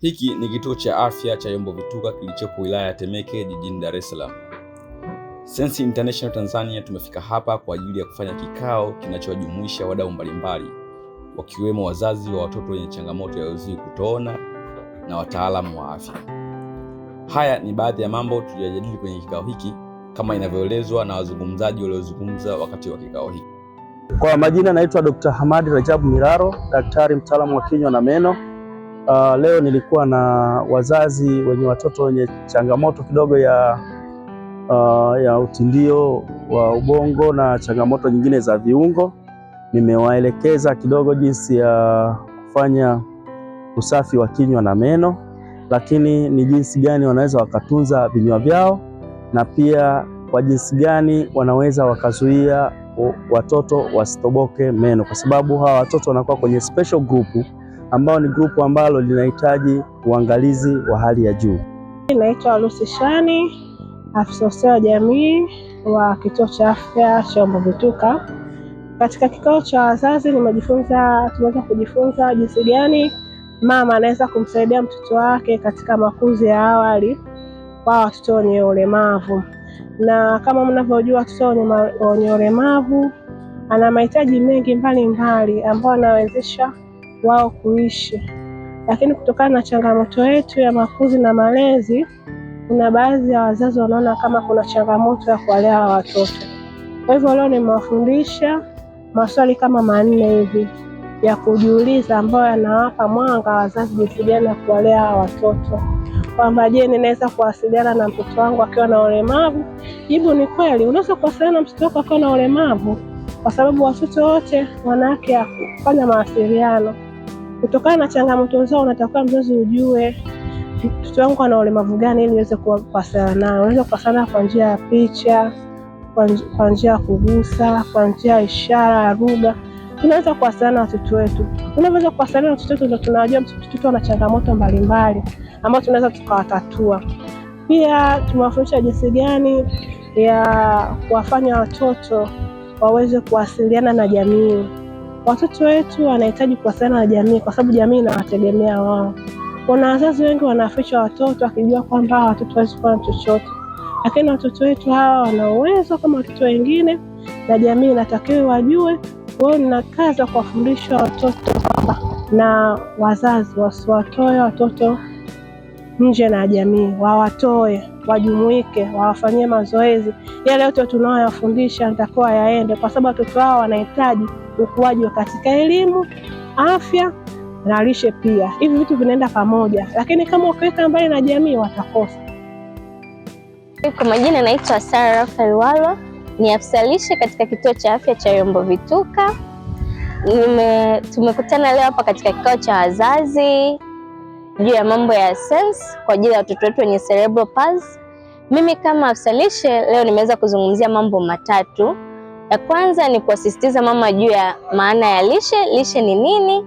Hiki ni kituo cha afya cha Yombo Vituka kilichopo wilaya ya Temeke jijini Dar es Salaam. Sensi International Tanzania tumefika hapa kwa ajili ya kufanya kikao kinachowajumuisha wadau mbalimbali wakiwemo wazazi wa watoto wenye changamoto ya uziwi kutoona na wataalamu wa afya. Haya ni baadhi ya mambo tuliyojadili kwenye kikao hiki kama inavyoelezwa na wazungumzaji waliozungumza wakati wa kikao hiki. Kwa majina, naitwa Dr. Hamadi Rajabu Miraro, daktari mtaalamu wa kinywa na meno Uh, leo nilikuwa na wazazi wenye watoto wenye changamoto kidogo ya, uh, ya utindio wa ubongo na changamoto nyingine za viungo. Nimewaelekeza kidogo jinsi ya kufanya usafi wa kinywa na meno, lakini ni jinsi gani wanaweza wakatunza vinywa vyao na pia kwa jinsi gani wanaweza wakazuia watoto wasitoboke meno, kwa sababu hawa watoto wanakuwa kwenye special group ambao ni grupu ambalo linahitaji uangalizi wa hali ya juu. Naitwa Lucy Shani, afisa ustawi wa jamii wa kituo cha afya cha Mbovituka. Katika kikao cha wazazi nimejifunza, tumeweza kujifunza jinsi gani mama anaweza kumsaidia mtoto wake katika makuzi ya awali kwa watoto wenye ulemavu, na kama mnavyojua watoto wenye ulemavu ana mahitaji mengi mbalimbali ambayo anawezesha wao kuishi. Lakini kutokana na changamoto yetu ya makuzi na malezi, kuna baadhi ya wazazi wanaona kama kuna changamoto ya kuwalea hawa watoto. Kwa hivyo leo nimewafundisha maswali kama manne hivi ya kujiuliza, ambayo yanawapa mwanga wazazi jinsi gani ya kuwalea hawa watoto kwamba je, ninaweza kuwasiliana na mtoto wangu akiwa na ulemavu? Jibu ni kweli, unaweza kuwasiliana na mtoto wako akiwa na ulemavu, kwa sababu watoto wote wanawake haki ya kufanya mawasiliano. Kutokana na changamoto zao, unatakiwa mzazi ujue mtoto wangu ana ulemavu gani, ili niweze kuwasiliana naye. Unaweza kuwasiliana kwa njia ya picha, kwa njia ya kugusa, kwa njia ya ishara ya lugha. Tunaweza kuwasiliana na watoto wetu. Unavyoweza kuwasiliana na watoto wetu, ndio tunajua mtoto ana changamoto mbalimbali ambazo tunaweza tukawatatua. Pia tumewafundisha jinsi gani ya kuwafanya watoto waweze kuwasiliana na jamii. Watoto wetu wanahitaji kuwasiliana na jamii, kwa sababu jamii inawategemea wao. Kuna wazazi wengi wanawaficha watoto wakijua kwamba watoto wawezi kuwa na chochote, lakini watoto wetu hawa wana uwezo kama watoto wengine, na jamii inatakiwa wajue. Kwa hiyo nina kazi ya kuwafundisha watoto na wazazi wasiwatoe watoto nje na jamii, wawatoe wajumuike, wawafanyie mazoezi. Yale yote tunaoyafundisha nitakuwa yaende, kwa sababu watoto hao wanahitaji ukuaji katika elimu, afya na lishe pia. Hivi vitu vinaenda pamoja, lakini kama ukiweka mbali na jamii watakosa. Kwa majina naitwa Sara Rafael Walwa, ni afisa lishe katika kituo cha afya cha Yombo Vituka. Nime, tumekutana leo hapa katika kikao cha wazazi juu ya mambo ya sense kwa ajili ya watoto wetu wenye cerebral palsy. Mimi kama afisa lishe leo nimeweza kuzungumzia mambo matatu. Ya kwanza ni kuwasisitiza mama juu ya maana ya lishe, lishe ni nini?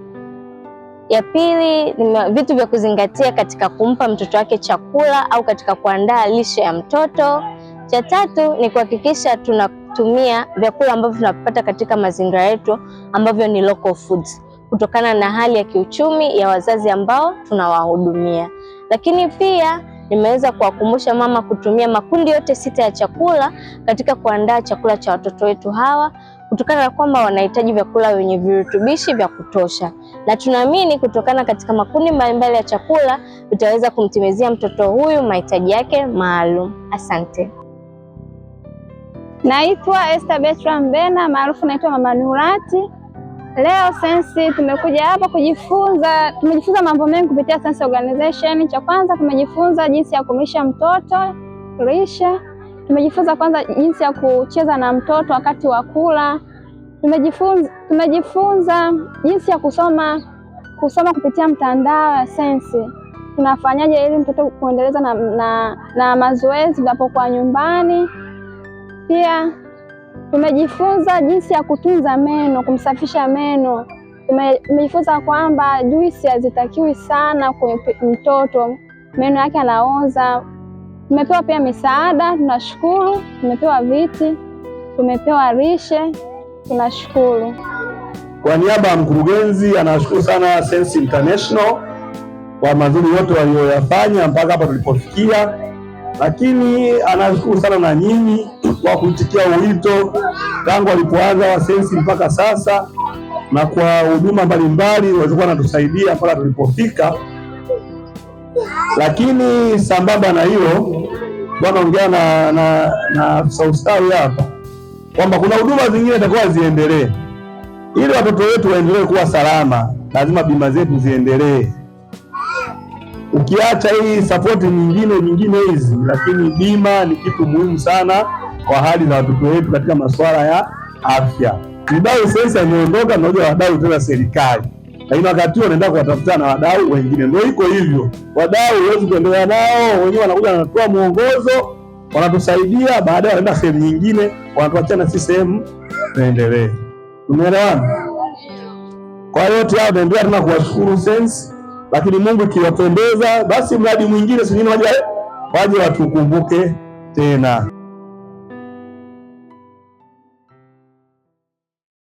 Ya pili ni vitu vya kuzingatia katika kumpa mtoto wake chakula au katika kuandaa lishe ya mtoto. Cha tatu ni kuhakikisha tunatumia vyakula ambavyo tunapata katika mazingira yetu ambavyo ni local foods kutokana na hali ya kiuchumi ya wazazi ambao tunawahudumia. Lakini pia nimeweza kuwakumbusha mama kutumia makundi yote sita ya chakula katika kuandaa chakula cha watoto wetu hawa kutokana na kwamba wanahitaji vyakula vyenye virutubishi vya kutosha, na tunaamini kutokana katika makundi mbalimbali ya chakula tutaweza kumtimizia mtoto huyu mahitaji yake maalum. Asante. Naitwa Esther Bertram Bena, maarufu naitwa Mama Nurati. Leo sensi tumekuja hapa kujifunza, tumejifunza mambo mengi kupitia sensi organization. Cha kwanza tumejifunza jinsi ya kumlisha mtoto lisha, tumejifunza kwanza jinsi ya kucheza na mtoto wakati wa kula, tumejifunza tumejifunza jinsi ya kusoma kusoma kupitia mtandao ya sensi, tunafanyaje ili mtoto kuendeleza na, na, na mazoezi unapokuwa nyumbani pia Tumejifunza jinsi ya kutunza meno, kumsafisha meno. Tumejifunza kwamba juisi hazitakiwi sana kwa mtoto, meno yake anaoza Tumepewa pia misaada, tunashukuru. Tumepewa viti, tumepewa rishe, tunashukuru. Kwa niaba ya mkurugenzi, anashukuru sana Sense International kwa mazuri yote waliyoyafanya mpaka hapa tulipofikia lakini anashukuru sana na nyinyi kwa kuitikia wito tangu alipoanza Wasensi mpaka sasa, na kwa huduma mbalimbali walizokuwa natusaidia mpaka tulipofika. Lakini sambamba na hilo, wanaongea na na, na afisa hapa kwamba kuna huduma zingine zitakuwa ziendelee, ili watoto wetu waendelee kuwa salama, lazima bima zetu ziendelee ukiacha hii sapoti nyingine nyingine hizi, lakini bima ni kitu muhimu sana kwa hali za watoto wetu katika masuala ya afya. Mdau sasa ameondoka, mmoja wadau tena serikali, lakini wakati huo wanaenda kuwatafuta na wadau wengine. Ndio iko hivyo, wadau huwezi kuendelea nao wenyewe, wanakuja wanatoa mwongozo, wanatusaidia, baadaye wanaenda sehemu nyingine, wanatuachia na sisi sehemu tuendelee. Tumeelewana? Kwa yote hayo, tunaendelea tena kuwashukuru sense lakini Mungu ikiwapendeza, basi mradi mwingine singine waje waje watukumbuke tena.